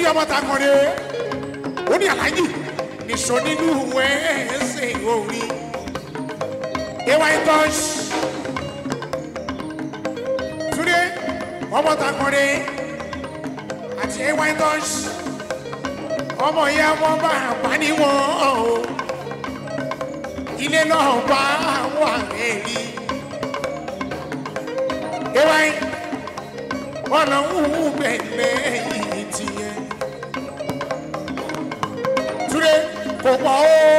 ní ọmọ ta kàn dé ó ní aláàjì nìṣó nínú ìwé ẹsẹ̀ orí ewa itosh túnde ọmọ ta kàn dé àti ewa itosh ọmọ yẹ wọn bá àpáni wọn o ilé náà bá àwọn àmì ewa ọ̀nà wúwú bẹ̀ẹ̀ bẹ́ẹ̀ yìí tiẹ̀ ewúrẹ́ kò pọ̀ ó.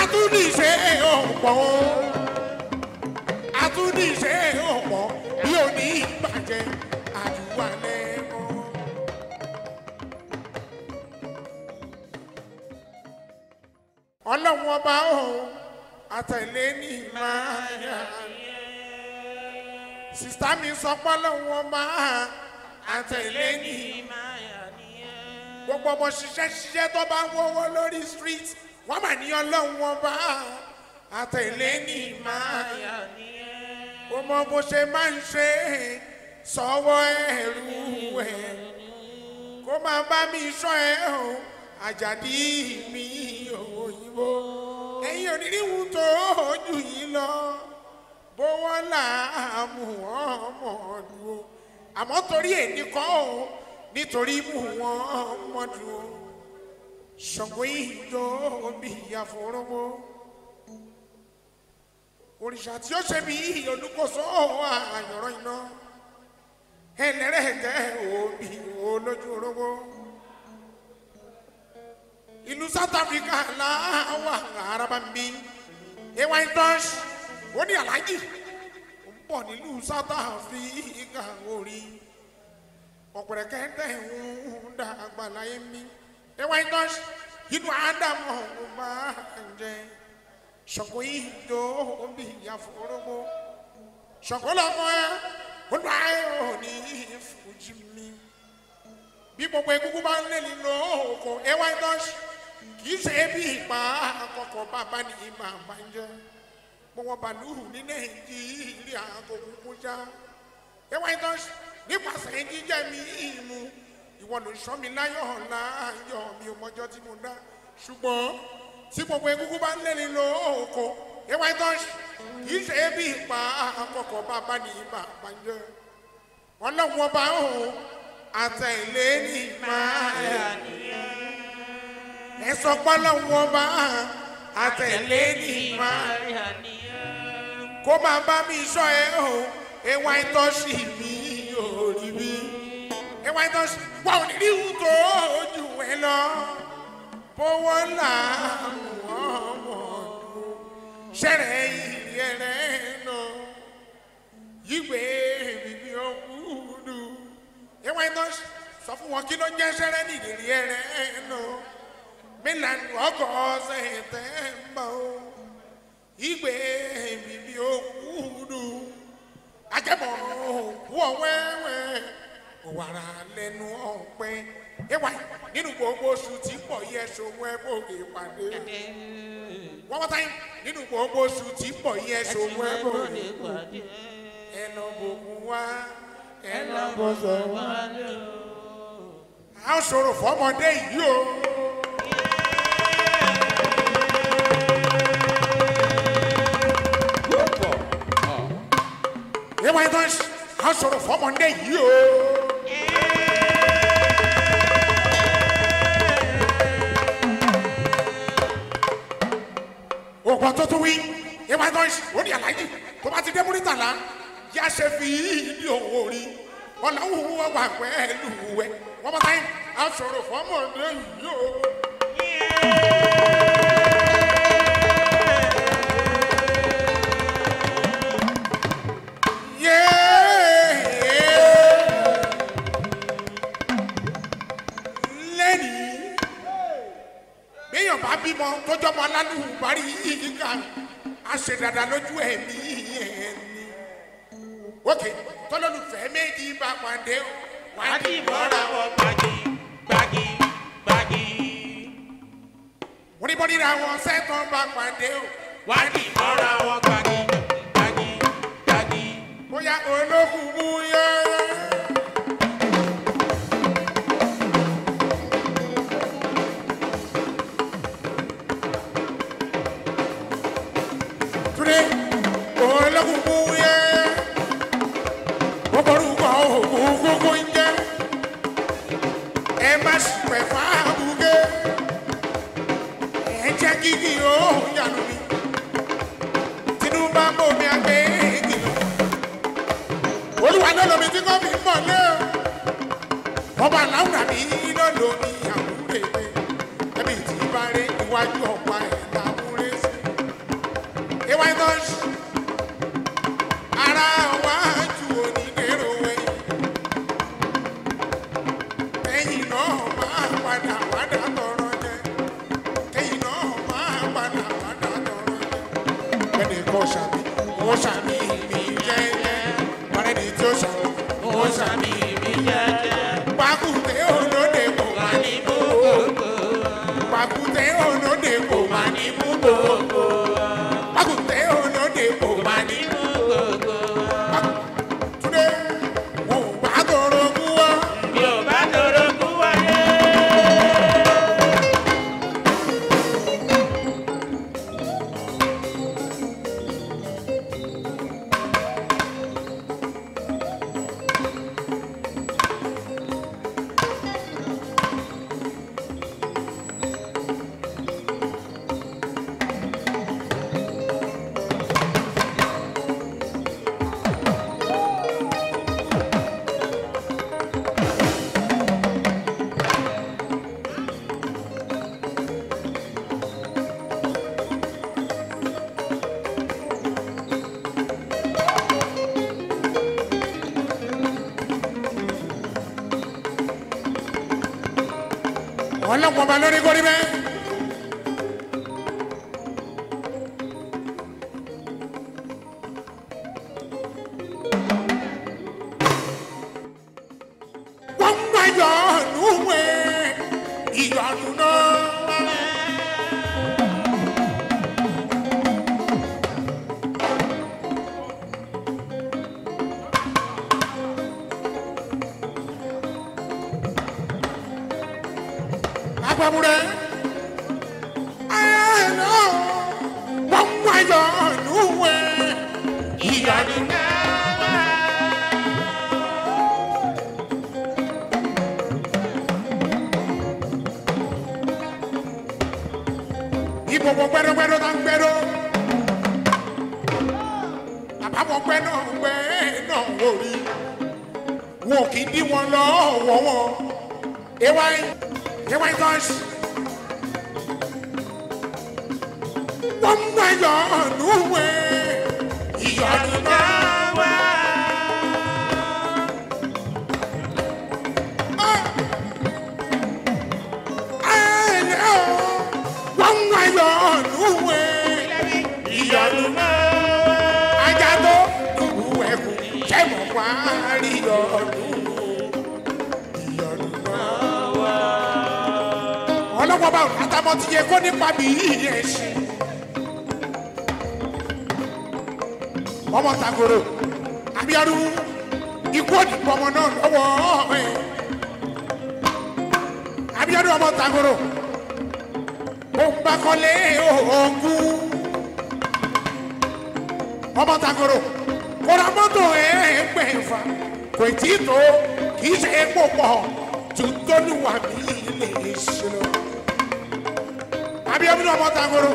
Atúndìṣe ò pọ̀ ó. Atúndìṣe ò pọ̀ bí ò ní ìbàjẹ́ àdúrà lẹ́mọ́. Ọlọ́run ọba òun àtẹ̀lé ní máa yà. mi sọ pé ọlọ́run ọba àtẹ̀lé ní máa gbogbo ọmọ ṣiṣẹ́ ṣiṣẹ́ tó bá ń wọ́wọ́ lórí street wọ́n mà ní ọlọ́run wọn bá àtẹ̀lé ní máa ó mọ bó ṣe máa ń ṣe sọ́wọ́ ẹ̀rú ẹ̀ kó máa bá mi sọ ẹ̀ o àjàdí mi òyìnbó ẹ̀yin onírìwù tó ojú yìí lọ bówó làámù ọmọ ọdún o àmọ́ torí èmi kọ́ o nítorí Muhammadu Ṣàngó ìjọ omi àfọwọ́rọ́wọ́ òrìṣà tí ó ṣe bí olùkóso àyọ̀rọ̀ iná ẹlẹ́rẹ̀ẹ́dẹ́ òbí olójú orówó ìlú South Africa láwà araba ń bí ewa intosh ó ní aláàjì ń bọ̀ nílùú South Africa orí ọ̀pẹ̀rẹ̀kẹ́ dẹ̀hùn dá àgbàlá yẹn mi ẹwà iná inú ádámù ọ̀hún bá jẹ ṣọ̀kọ́ yìí tó bí ìyàfọ́rọ́gbó ṣọ̀kọ́ lọ́mọ ẹ ó dùn ayé òní ìfòjì mi bí gbogbo egungun bá ń lé nínú òkò ẹwà iná kì í ṣe bí ìpá àkọ́kọ́ bàbá ní ìmọ̀ àbájọ gbogbo bàlúù ní nàìjíríà kò kúkú já ẹwà iná nípasẹ̀ jíjẹ́ mi ìmú ìwọ ló sọ mi láyọ̀ láyọ̀ mi ò mọjọ́ tí mo dá ṣùgbọ́n tí gbogbo egungun bá ń lẹ́ni lóko ìwà ìtọ́sí kì í ṣe bí ipa àkọ́kọ́ bàbá ní ibà àbájọ ọlọ́wọ́ bá òun àtẹ̀lé ní máyà ẹ sọ pé ọlọ́wọ́ bá àtẹ̀lé ní máyà kó máa bá mi sọ ẹ o ìwà ìtọ́sí mi orí bí. ìwà ìtàn ṣùgbọ́n onírìhù tó jù ẹ lọ bọ́wọ́ làwọn ọmọ ọdún ṣẹ̀rẹ̀ ìrì ẹ̀rẹ̀ nà yígbé bíbí ọkùnrin. ìwà ìtàn sọ fún wọn kí ló jẹ́ ṣẹ̀rẹ̀ nìrì ẹ̀rẹ̀ nà mílànà ọkọ̀ ọ̀sẹ̀ ìtẹ́ǹbà o ìgbé bíbí ọkùnrin. ajẹ́bọ̀ òkú ọ̀wẹ́ wàrà lẹ́nu ọ̀pẹ ẹwà nínú gbogbo oṣù tí pọ̀ yẹ ṣòwò ẹ̀bùn ìpàdé one more time nínú gbogbo oṣù tí pọ̀ yẹ ṣòwò ẹ̀bùn ìpàdé ẹnà bòkun wá ẹnà bòsọ̀ wá lò. a ó ṣòro fọmọdé yìí o. ẹwà ẹ̀dọ́ a ó ṣòro fọmọdé yìí o. ọ̀pọ̀ tó tún wí ìwà tó ń ṣe ní aláìjì tó bá ti dé múrítàlá yá ṣe fi ilé òwò rí ọ̀làwùwọ́ wà pẹ́ẹ́lú wẹ́ wọ́n bá táyé aṣọ̀rọ̀ fọ́mọ̀ọ́dé yìí yóò. kan tó jọmọ alálùbárí yìí kan a ṣe dada lójú ẹ̀mí yẹn ni. òkè tọ́lọ́lùfẹ́ méjì bá pàdé wàá kì í bọ́ra wọ gbàgì gbàgì gbàgì. oníbọ̀dìrà wọn sẹ́tọ̀ bá pàdé o. wàá kì í bọ́ra wọ gbàgì gbàgì gbàgì. bóyá mú yẹn. tí kò fi mọ̀ lé o ọba làwùrà mi lọ́lọ́ mi. Sammy. ọlọ́wọ́n ọba lórí kórìí bẹ́ẹ̀. wọ́n bá àtàmọ́ ti yẹ kó nípa mi yìí yẹ ṣe. ọmọ tagoro abiyaru ikú òdìpọ̀ ọmọ náà lọ́wọ́ ọ̀hún ẹ̀ abiyaru ọmọ tagoro ó gbàkọ́lé òògùn ọmọ tagoro kóra mọ́tò ẹ̀ẹ́gbẹ̀fà kò tí tó kì í ṣe é pò pọ̀ tó tọ́lùwà mí ilé ìṣúná abiyamunu ọmọ tangoro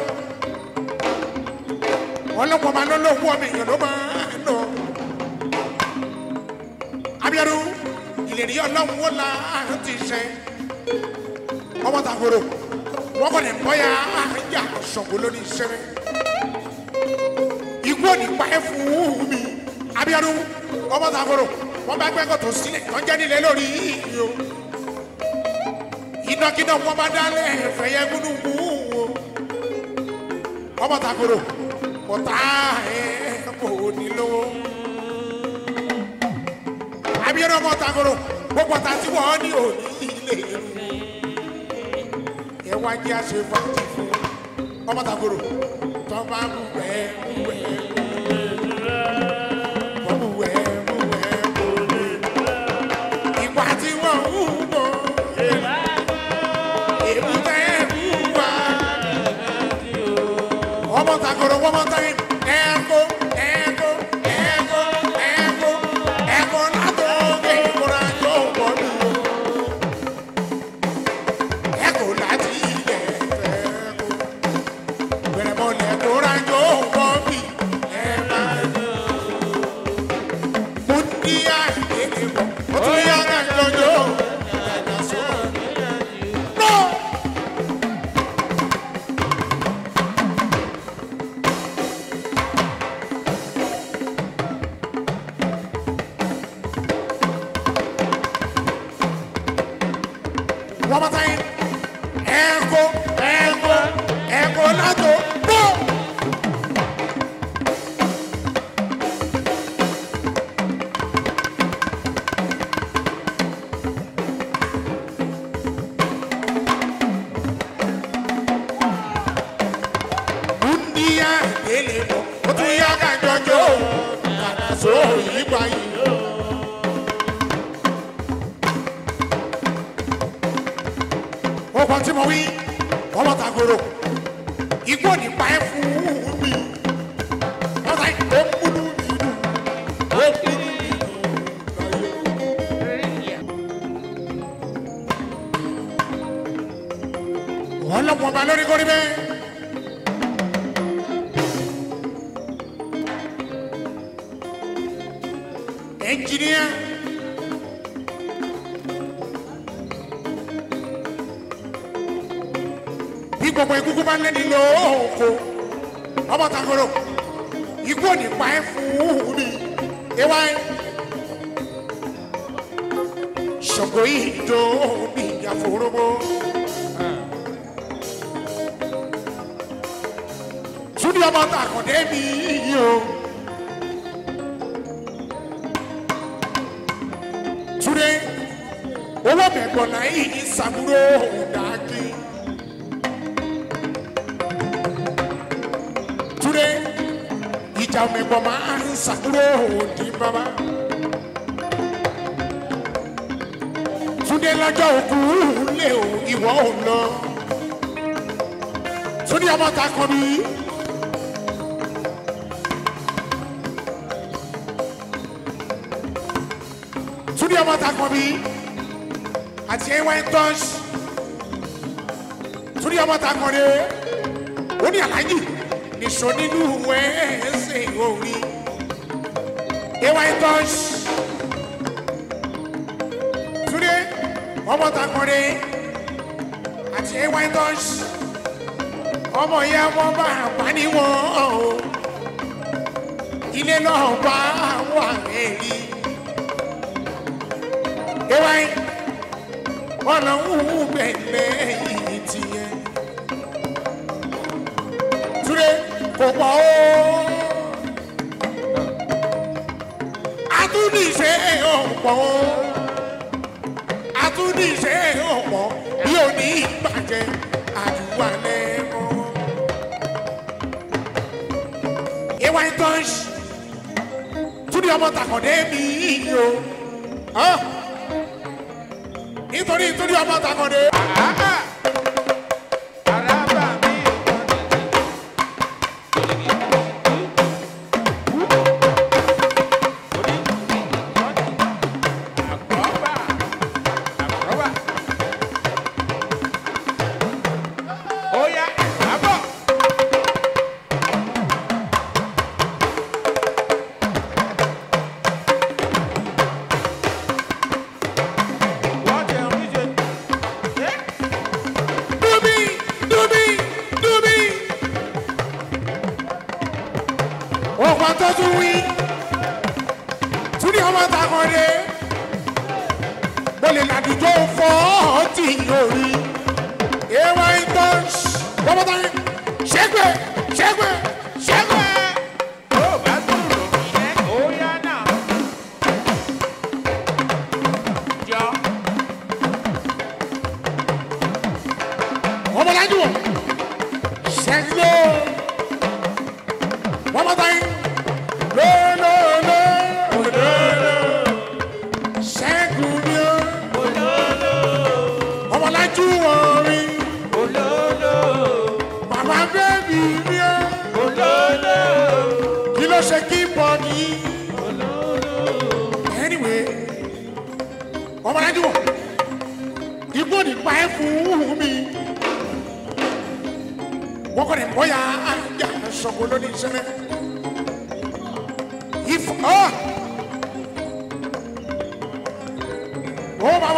ọlọpọ ma lọlọ wọ mi yọlọ ma Abi abiyanu ìlérí Ọlọ́run wo la àrùn ti ṣe ọmọ tangoro wọn kọni bọyá àrùn jà ṣọgbó lórí ìṣẹrẹ ikú òní pa ẹ fún mi abiyanu ọmọ tangoro wọn bá gbẹkọ tó sílẹ̀ wọn jẹ nílẹ̀ lórí yìí o ìdọkídọ wọn bá dálẹ ẹfẹ yẹ gúdúgbù ọmọ takoro ọ̀tá ẹ̀ẹ́dẹ́gbò ní lówó. abiyẹn ọmọ takoro gbogbo ọ̀tá tí wọ́n ní òní ilé ìlú. ẹ wá jẹ́ àṣẹ fàájì fún ọmọ takoro tọ́ bá ń bẹ̀ ń bẹ̀ ń bẹ̀. ṣògo ìjọ omi ìyàfòrógbó. Túndé ọmọ tàkùndé mi yìí o. Túndé owó mẹ̀gbọ̀nà yìí ṣàbúrò òdàkì. Túndé ìjà mẹ̀gbọ̀n máa ń ṣàbúrò òdì bàbá. Túndé lọ́jọ́ òkú lé o ìwọ ò lọ. Túndé ọmọ ta kan bí. Túndé ọmọ ta kan bí. Àti ẹwà ń tọ́ṣì. Túndé ọmọ ta kan dé. Ó ní àlàyé nìṣó nínú ìwé ẹ̀ẹ́sẹ̀ orí. Ẹwà ń tọ́ṣì. ọmọ takore àti aytos ọmọ ìyá wọn bá àpáni wọn ilé náà bá àwọn àrẹ́rí ewáyé ọ̀nà wúwú bẹ̀lẹ̀ yìí ti yẹ kò pọ̀ ó atúndìṣe ọ̀pọ̀ ó tún ní iṣẹ́ ọ̀pọ̀ bí ò ní ìbàjẹ́ àdúrà lẹ́mọ́. ìwà ìtọ́ṣ tún ní ọmọ tàkọ̀dé mi yìí o nítorí tún ní ọmọ tàkọ̀dé.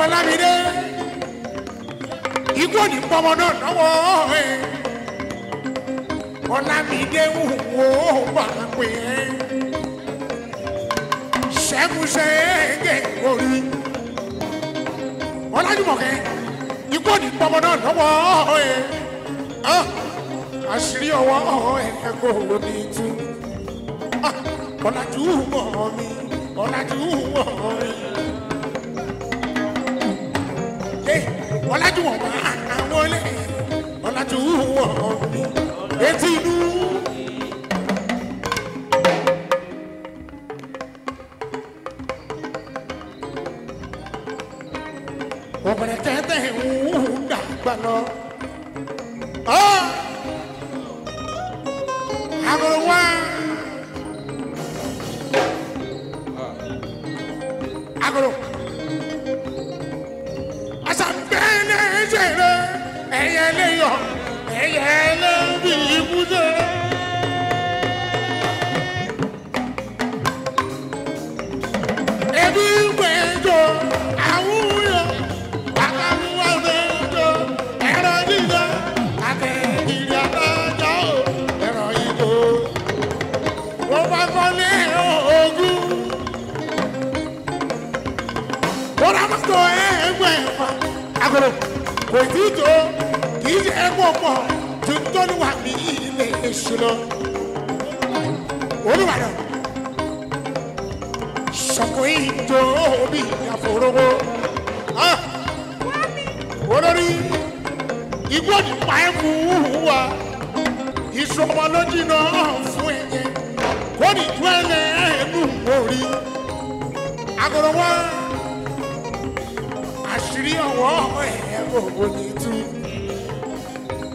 ọmọ lámìdé ikú òní pọmọ náà lọ́wọ́ ẹ eh. ọlámìdé ń wò ó bá a pè é ṣẹ́kúṣẹ́ ẹ̀ẹ́gẹ̀ orí ọlájúmọ̀kẹ́ ikú òní pọmọ náà lọ́wọ́ ẹ eh. ah, àṣírí ọwọ́ ẹ̀ kò ní tú ah, ọ̀làjú mọ̀ mi ọ̀làjú mọ̀ mi dé ọ̀làjúwọ̀n máa àwọn ilé ọ̀làjúwọ̀n mi etí inú. Olúbàdàn sọ̀kò ìjọ òbí àfòrògbò olórí igbó ní pàẹ́kù wúwa ìṣọmọ ló jìnnà fún ẹ̀yẹ kó ní ju ẹ̀lẹ́ ẹ̀lú orí agorowa àṣírí ọwọ́ ẹ̀ gbogbo ní tu,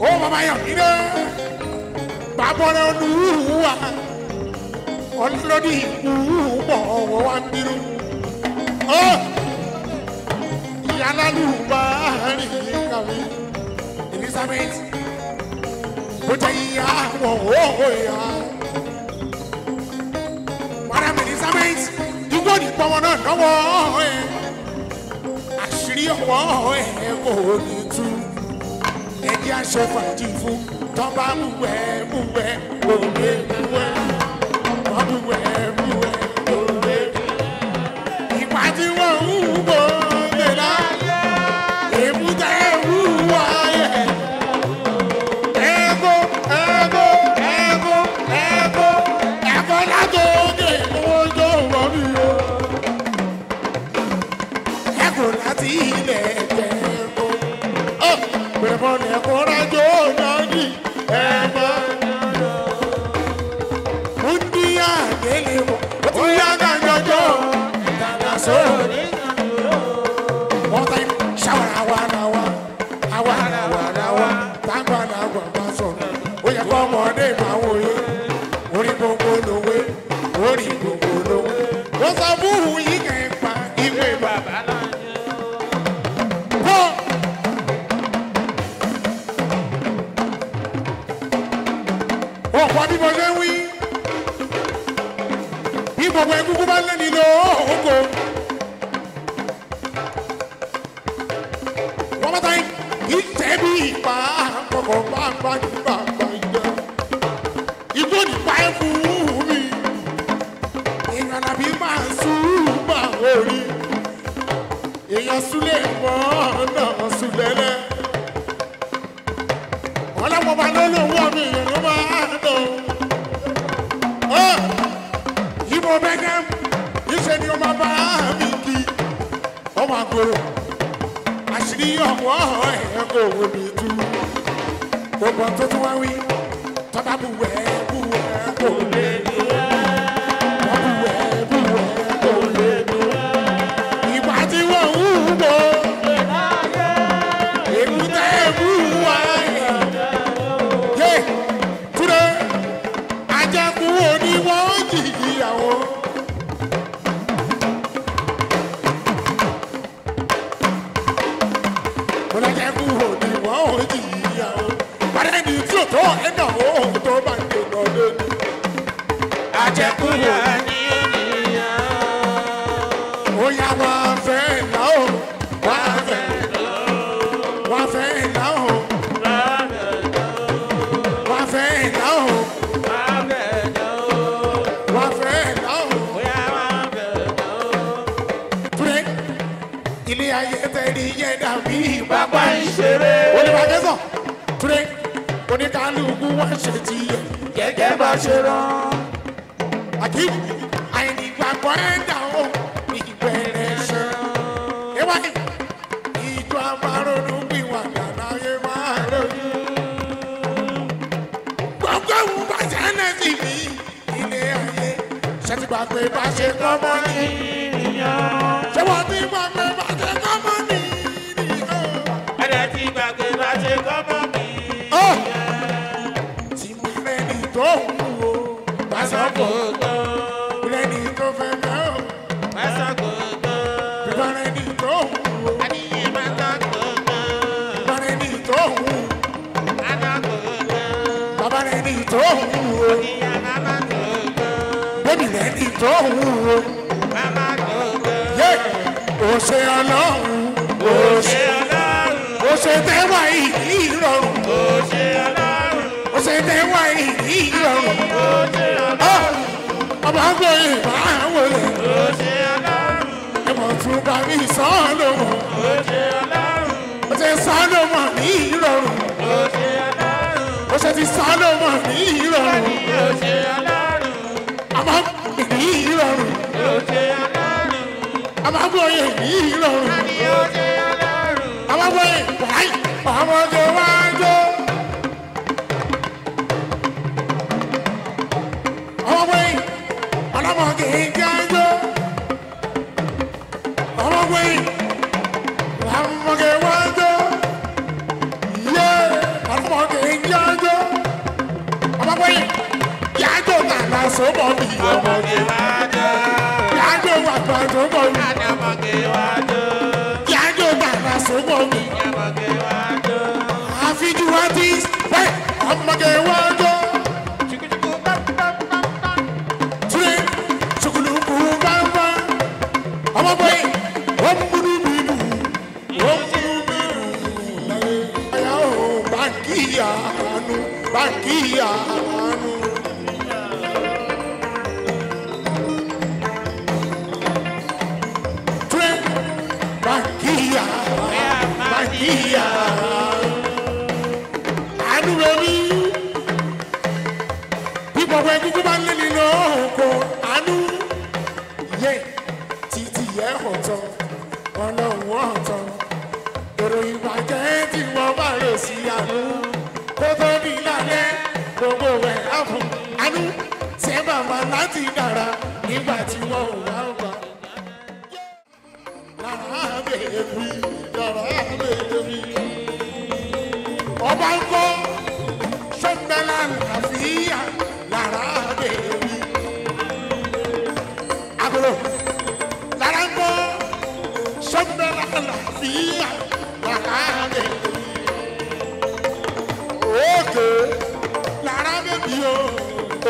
ó mama yọ̀ nílẹ̀ bàbá rẹ̀ olúwa ọlọ́dún ìlú pọ̀ ọ̀wọ́ wa ń dirú. ìyálálù bá rìn kàwé Elizabeth bó jẹ́ ìyá àwọn òwò ìyá. Madam Elizabeth dúgbò ní pọ́nmọ́ náà náwó ẹ̀ àṣírí ọ̀wọ́ ẹ̀ kò ní tú ẹ̀jẹ̀ aṣọ fàájì fún tọ́ba mú wẹ́ mú wẹ́ everywhere, everywhere. ṣeré. olùbàdàn ture oníkálukú wá ṣe ti yẹ gẹ́gẹ́ bá ṣe rán. àti àìnígbàgbọ́ ẹ̀dá o ìbẹ̀rẹ̀ ṣe. ewa ni ìjọ amárònú bí wà láyé máa lóyún. gbọ́ngàn wù bàjẹ́ náà sì ní ilé ayé ṣètìgbà pé bá ṣe kọ́ mọ́ ni. go. go go, tó wúwo. Yé! Òṣè ọlọ́run. gbé ìbáwọlé. ó ṣe ọlọ́run. ẹ̀mọ̀ tún bá mi sọ́ọ̀lù. ó ṣe ọlọ́run. ó ṣe sọ́ọ̀lù mọ̀ ní ìrọ̀rùn. ó ṣe ọlọ́run. ó ṣe ti sọ́ọ̀lù mọ̀ ní ìrọ̀rùn. ó ṣe ọlọ́run. a máa ń pè ní ìrọ̀rùn. ó ṣe ọlọ́run. a máa ń gbọ́ yẹn ní ìrọ̀rùn. ó ṣe ọlọ́run. a máa ń gbọ́ yẹn báyìí. àwọn ọjọ́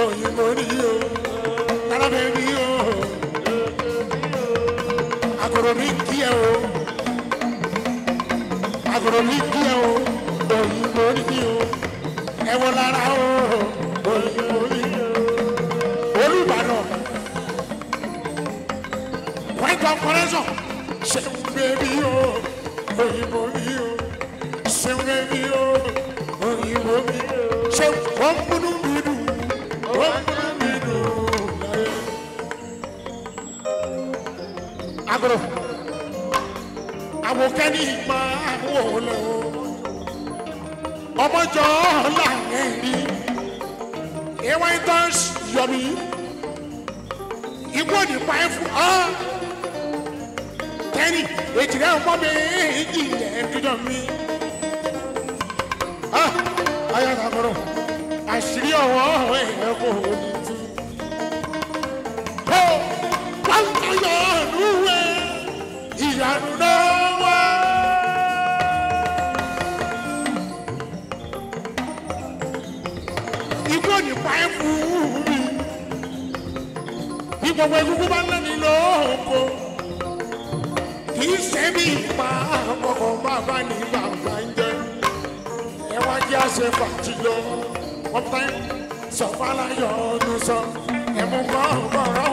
ọkọ yìí mo rí o arábìnrin o àgòrò mi kí ẹ o àgòrò mi kí ẹ o òyìn mo rí o ẹ wọ lára o agolo awokẹni ma wo le o ọmọjọ la ẹni ìwọ ìtàn yọmi ìwọ nípa ẹfu ọ kẹni ètìrẹ ọmọ mi èyí ilẹ̀ ẹdúdọ̀ mi ọ ayọ̀ àgọ́rọ̀ àṣírí ọ̀wọ́ ọ̀hún èèyàn kò ní tú. ó pàǹtàyọ̀ ọ̀nùwẹ̀ ìyanu náà wá. ikú ò ní pa ẹ́ fún mi. bí gbogbo egungun bá lẹ́ni lóko kì ṣe bí ipa àkọ́kọ́ bàbá ní bàbá ń jẹ́ ẹ wá jẹ́ àṣẹ fàtí lọ ọpẹ́ sọfàlàyọ̀ ọdún sọ ẹ̀mú kan bọ̀rọ̀.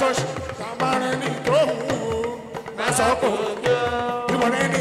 tó ṣe tàbárẹ̀ ní tó hù ú lásán kò ìwọ̀n rẹ̀ ní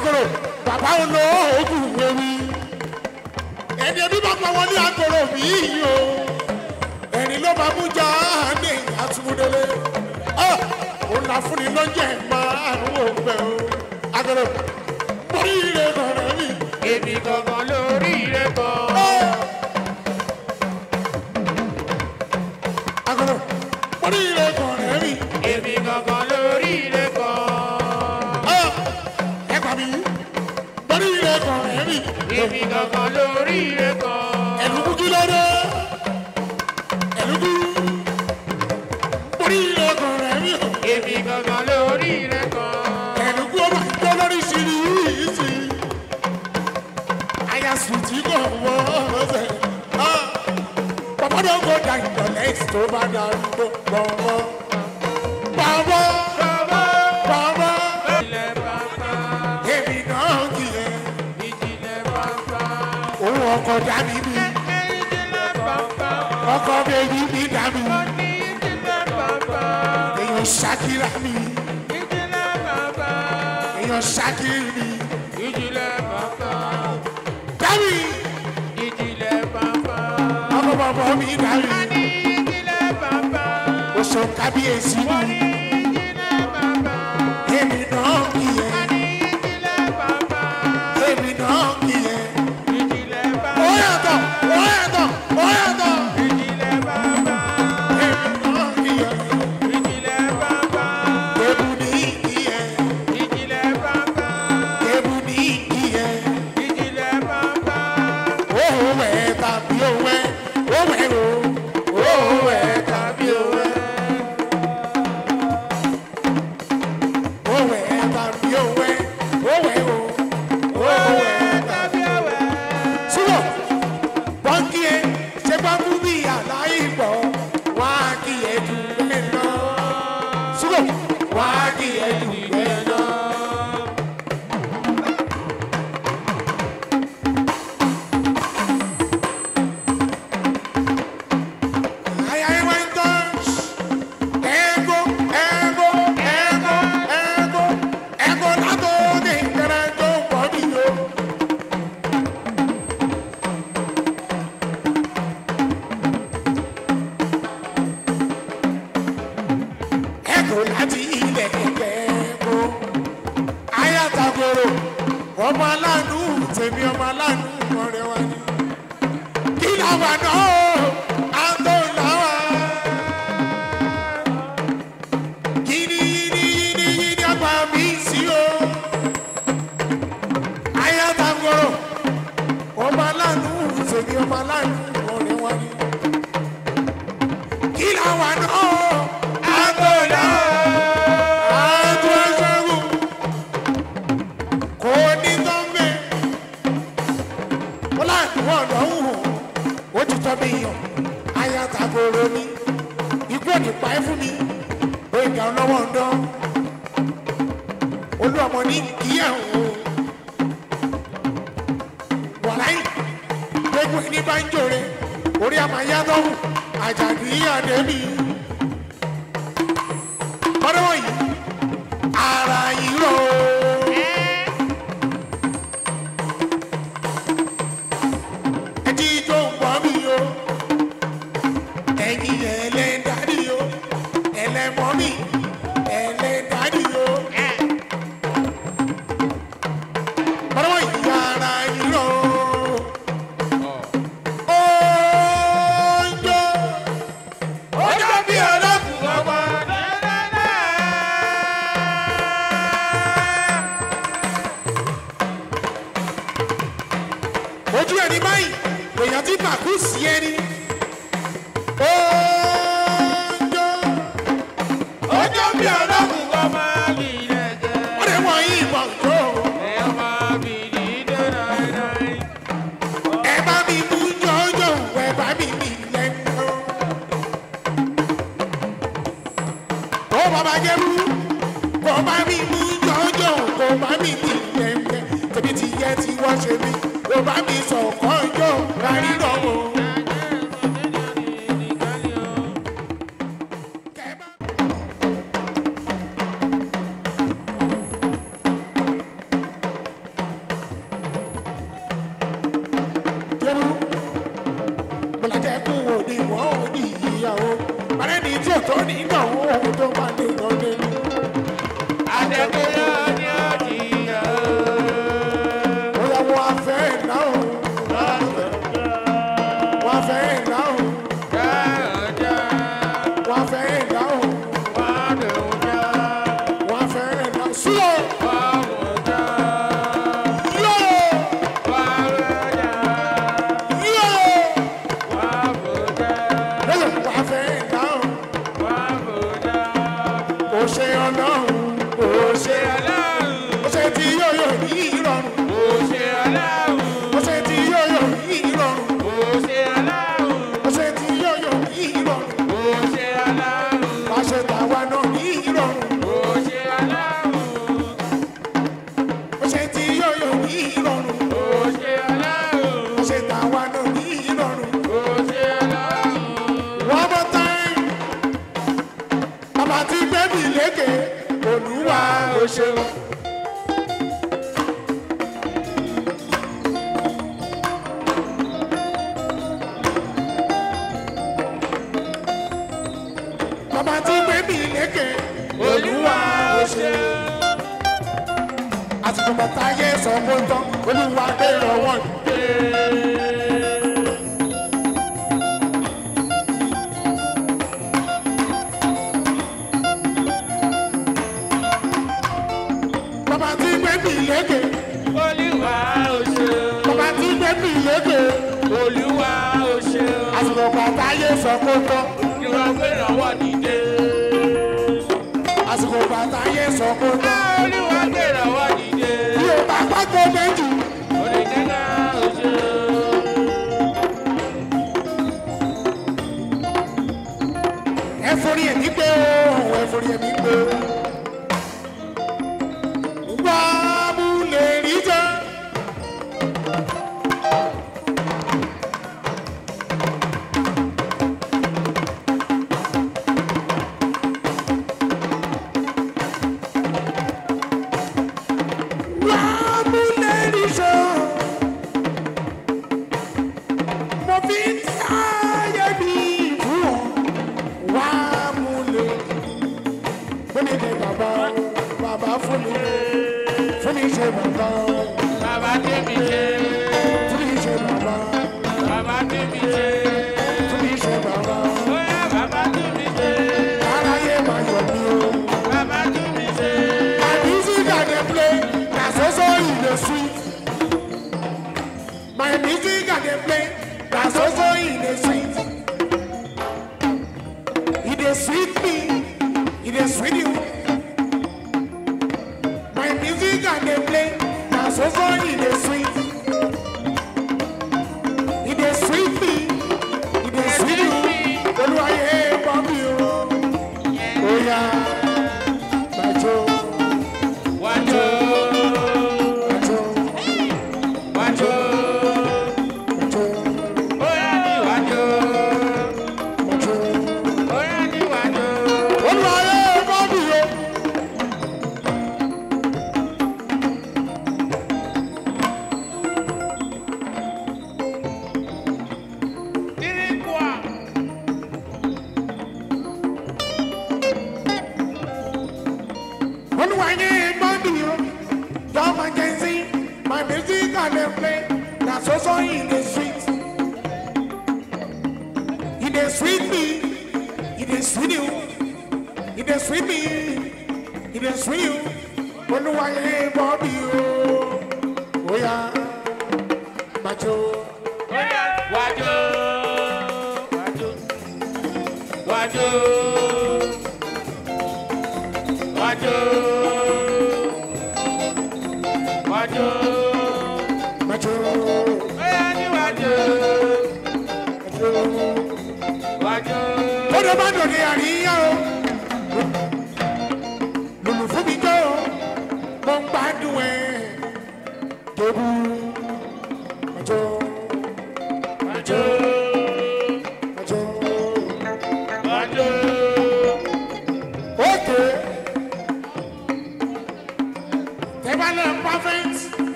àgòrò bàbá ọ̀nà òògùn wẹ̀wì ẹni ẹbí bá pa wọn ní àgòrò míì o ẹ̀rín ló bá mú jà á ní àtúndélé ọ òun là ni lọ́jọ́ ẹ̀ máa ń wò o àgòrò mọ rí ire kọ̀ọ̀rọ̀ mi. èmi gangan lórí ire kan. èmi gangan lórí ire kan. ẹ̀lùkújú lọ́dọ̀ ẹ̀lùkú orí ire kan rẹ̀ mí. èmi gangan lórí ire kan. ẹ̀lùkú ọmọ ìjọ lórí ìṣirí yìí sí i. àyà sùn ọkọ dá mi bí ọkọ bèbí mi dá mi èèyàn ṣàkírà mi èèyàn ṣàkírì mi. Dami. Ọkọ bàbá mi dá mi. Oṣù kábíyèsí mi. ọ̀gá ọlọ́wọ́ ọ̀dán olúwàmọ ní kíyà òun wàláì gbẹ́gun ẹni bá ń jòrè orí àmàyá lọ́hùn àjàdí àdẹ́bí bọ́dọ̀ wọ̀nyí. 你妈！àsìkò àtàyè sọ kó tọ́. ìwà gbéra wà nídé. àsìkò àtàyè sọ kó tọ́. olúwa gbéra wà nídé. yóò bá pàtó méjì. olùdíná ojú. ẹ forí ẹ̀mí pé o ẹ forí ẹ̀mí pé o.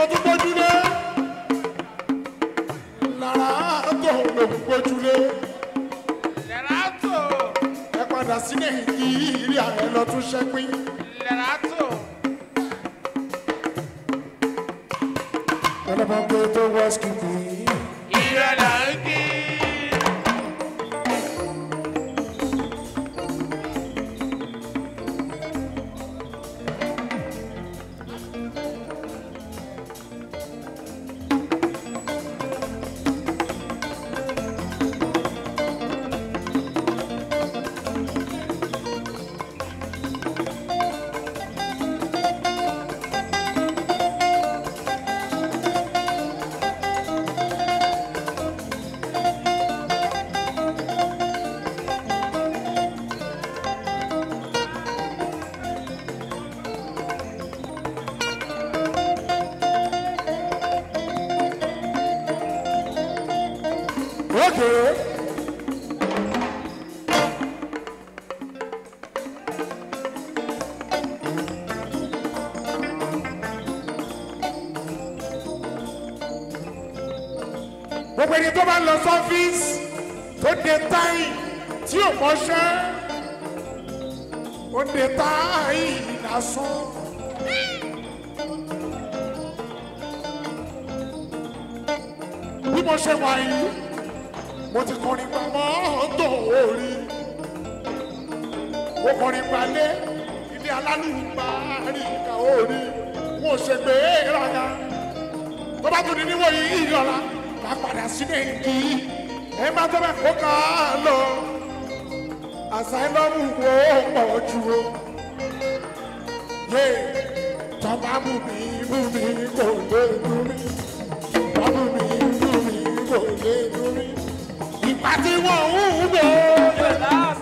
mo tún gbójúlé lára tó mo tún gbójúlé lára tó ẹ padà sílẹ̀ kí ilé ààrẹ lọ tún ṣẹ́pín lára tó. What about the West Cuckoo? ọkùnrin palẹ ilé alálùpà rí ìka òòrí wọn ò ṣègbè rárá tó bá tún ní níwòye yìí lọ́la bá padà sí nàìjí ẹ má tọ́ bẹ́ẹ̀ kó ká lọ àsáìlọ́mù wo pọ̀ jù o yé tọ́ba mú mi mú mi kò lè mú mi tọ́ba mú mi mú mi kò lè mú mi ìpàdé wọn ò ń bọ̀ ọ́.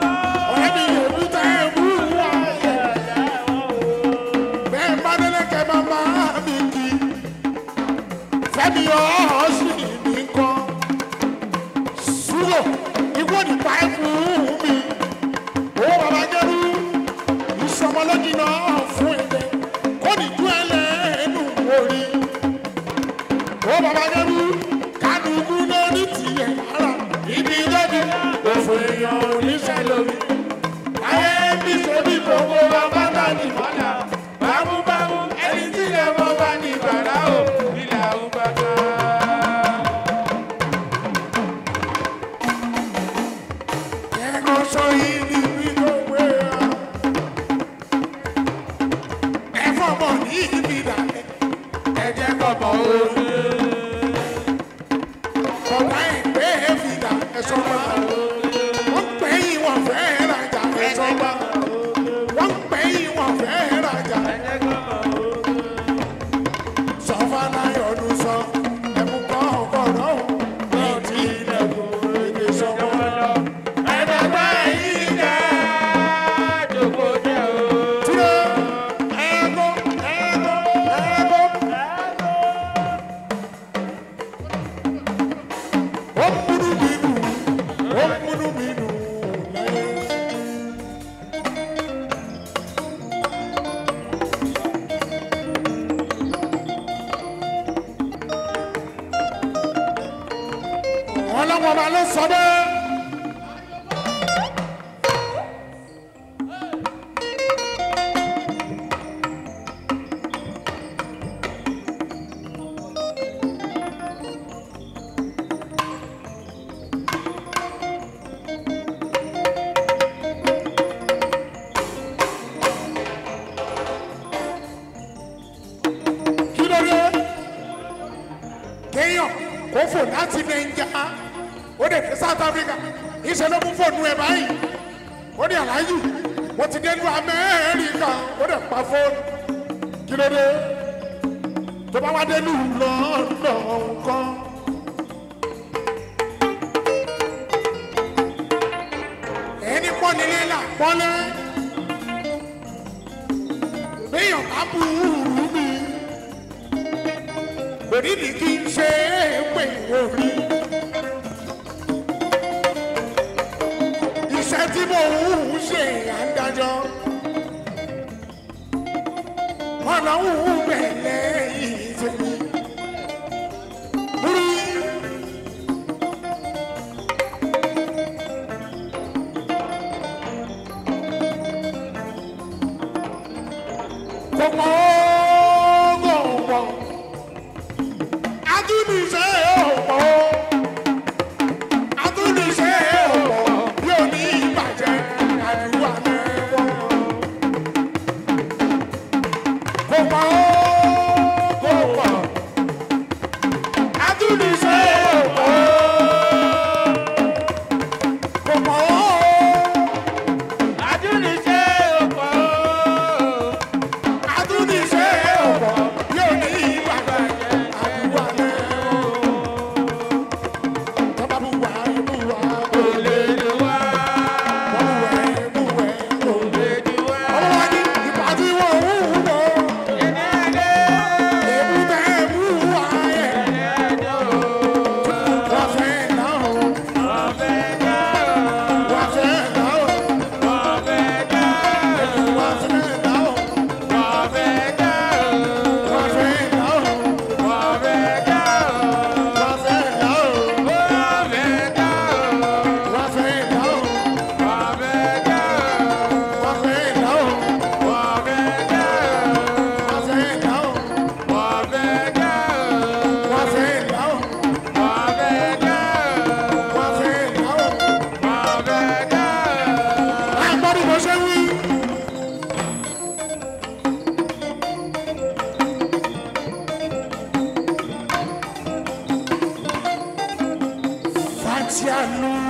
te anula.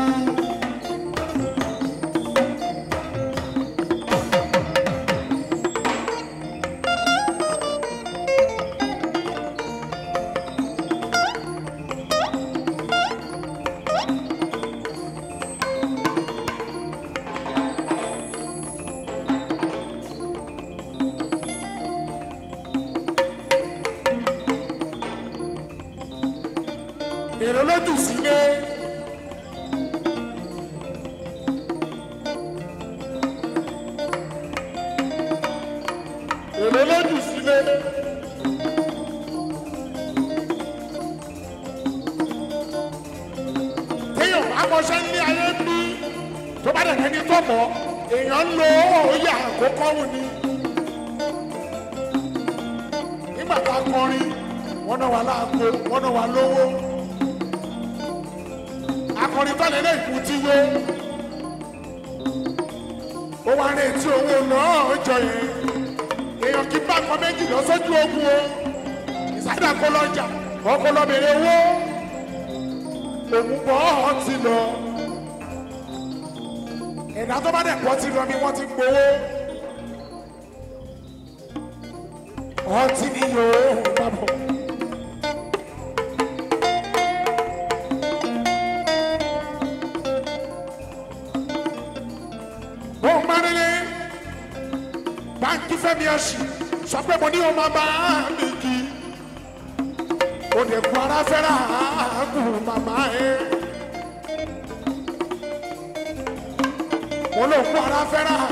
ó lè kú ara fẹ́ràn àákù màmá ẹ. ó lè kú ara fẹ́ràn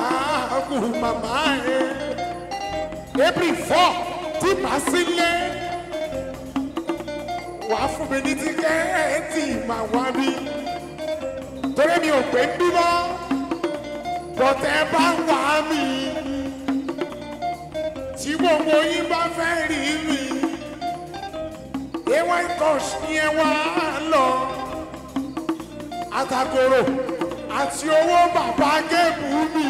àákù màmá ẹ. april four tí màá sílé wàá fún mi ní tíkẹ́ẹ̀tì màá wá bí torí mi ò pé ń bímọ bọ̀tẹ́ bá wà mí tí gbogbo yín bá fẹ́ rí mi ewa ikọ̀ọ̀ṣ yẹn wá lọ àtàgòrò àti owó bàbá géèmù mi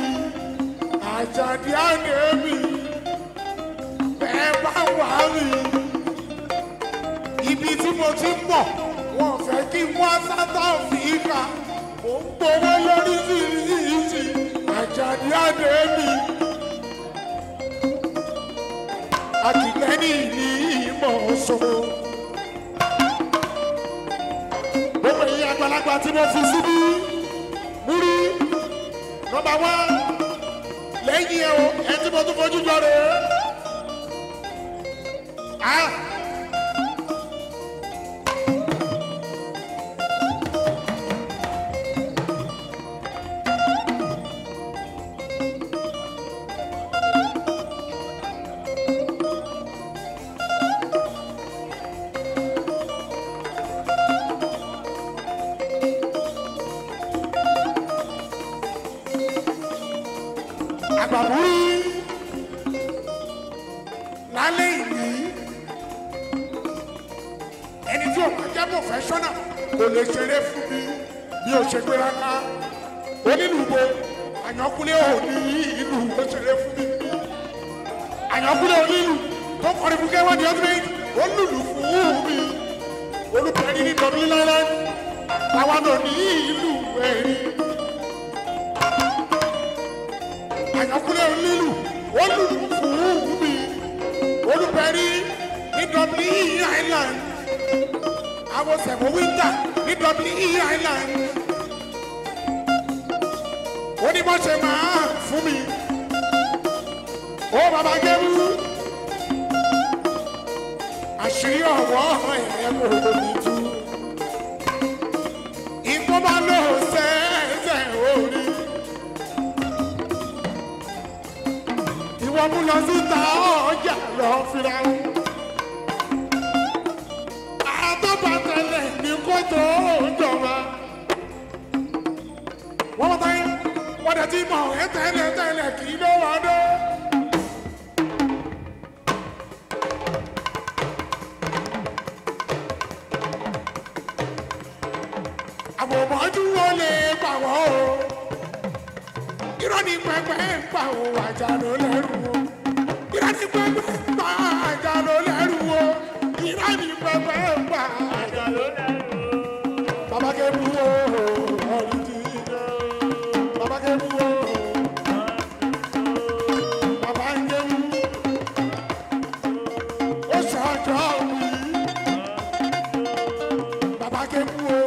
àjàdí ànẹ́mì bẹ́ẹ̀ bá wà rí ibi tí mo ti ń bọ̀ wọn fẹ́ kí wọ́n sátá fìkà mo ń gbowó lórí fìrìsì àjàdí ànẹ́mì àtìlẹ́yìn ní ìmọ̀ ọ̀ṣọ́. àgbàlagbà tí mo fi síbí múrí nọ́mbà wán lẹ́yìn ẹ o ẹ tí mo tún fojú jọ rèé. Ah! lálẹ́ ìní ẹni tí ò bá jẹ́ professional kò lè ṣeré fún mi bí o ṣe gbéra ká onílùbọ àyànkúlé òní ìlú o ṣeré fún mi àyànkúlé onílù tó kọrin fún kẹwàá ní ọdún méjì ó lùlù fún mi olùkọ́ni ní dublin island àwọn náà ní ìlú ẹ̀rí àyànkúlé onílù ó lùlù fún mi olùpẹ̀rí ní Dublin Island àwòsẹ̀wò winter ní Dublin Island onímọ̀ọ́sẹ̀ máa fún mi ó bàbá gẹ́rú àṣírí ọ̀wọ́ ẹ̀rẹ́ kò lómi tú ìkọ́bá ló ṣẹ́ẹ̀ṣẹ̀ orí ìwọ́n mú lọ síta yà lọ fira wọn. àtọ́bàtẹ̀lẹ̀ ní kótó òjọba. wọ́n bá táyé wọ́n dẹ̀ ti mọ̀ ẹ́ tẹ́lẹ̀ tẹ́lẹ̀ kì í ló irọ́ ni pẹ́pẹ́ ń pa òun àjàdó lẹ́rù. Baba Kebu o.